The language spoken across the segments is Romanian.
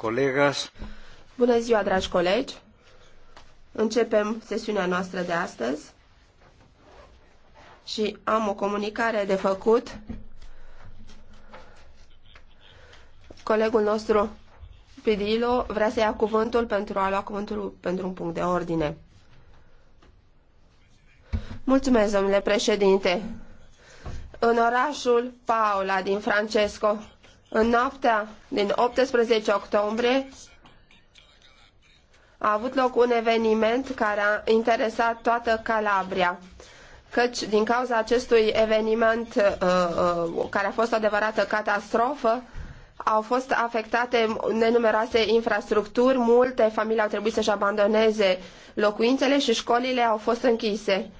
colegas. Bună ziua, dragi colegi. Începem sesiunea noastră de astăzi și am o comunicare de făcut. Colegul nostru Pidilo vrea să ia cuvântul pentru a lua cuvântul pentru un punct de ordine. Mulțumesc, domnule președinte. În orașul Paula din Francesco, în noaptea din 18 octombrie a avut loc un eveniment care a interesat toată Calabria. Căci din cauza acestui eveniment uh, uh, care a fost o adevărată catastrofă, au fost afectate nenumeroase infrastructuri, multe familii au trebuit să-și abandoneze locuințele și școlile au fost închise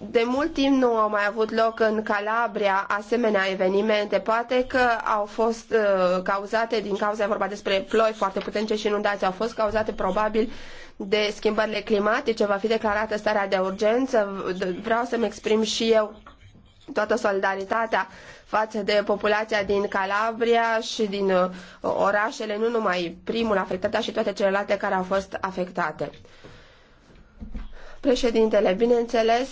de mult timp nu au mai avut loc în Calabria asemenea evenimente. Poate că au fost uh, cauzate din cauza vorba despre ploi foarte puternice și inundații. Au fost cauzate probabil de schimbările climatice. Va fi declarată starea de urgență. Vreau să-mi exprim și eu toată solidaritatea față de populația din Calabria și din uh, orașele, nu numai primul afectat, dar și toate celelalte care au fost afectate. Președintele, bineînțeles,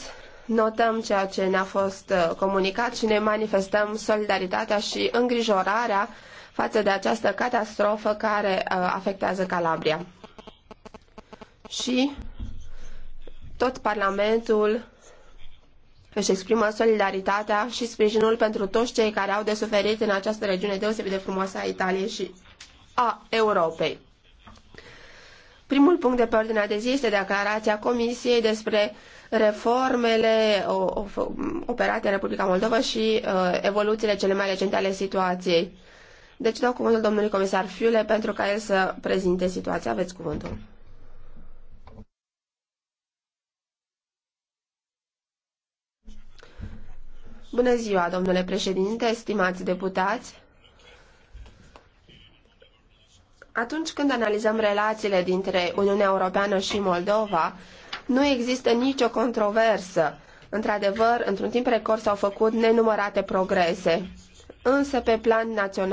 notăm ceea ce ne-a fost uh, comunicat și ne manifestăm solidaritatea și îngrijorarea față de această catastrofă care uh, afectează Calabria. Și tot Parlamentul își exprimă solidaritatea și sprijinul pentru toți cei care au de suferit în această regiune deosebit de frumoasă a Italiei și a Europei. Primul punct de pe ordinea de zi este declarația Comisiei despre reformele operate în Republica Moldova și uh, evoluțiile cele mai recente ale situației. Deci dau cuvântul domnului comisar Fiule pentru ca el să prezinte situația. Aveți cuvântul. Bună ziua, domnule președinte, stimați deputați! Atunci când analizăm relațiile dintre Uniunea Europeană și Moldova, nu există nicio controversă. Într-adevăr, într-un timp record s-au făcut nenumărate progrese. Însă, pe plan național,